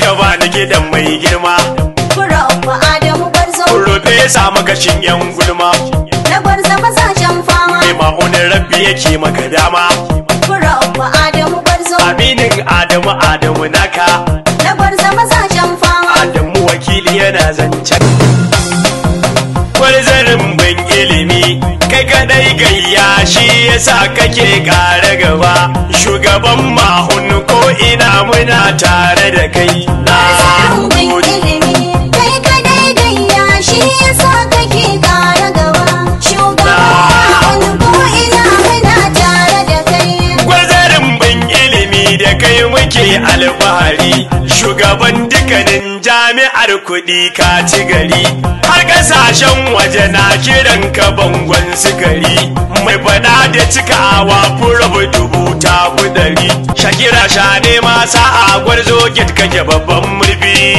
ka bani gidan mai girma Kura uku Adamu Gwarzo Kurufe sa makashin yan gulma Na Gwarzo mazajen fama Mai ma'unin rabbi yake maka dama Kura uku Adamu Gwarzo Aminin Adamu Adamu naka Na Gwarzo mazajen fama Adamu wakili yana zancen Gwarzarin ban ilimi kai kadai gayya shi yasa kake kare gaba shugaban mahun ko ina muna tare da kai kai ka shi yasa kake kara gaba shugaban ko ina muna tare da kai gwazarin ban ilimi da kai muke alfahari shugaban dukkanin jami'ar kuɗi ka ci gari har gasashen waje na kiran ka bangon sigari mai faɗa da cikawa furabu shakira shane masa a gwarzo git kake babban murfi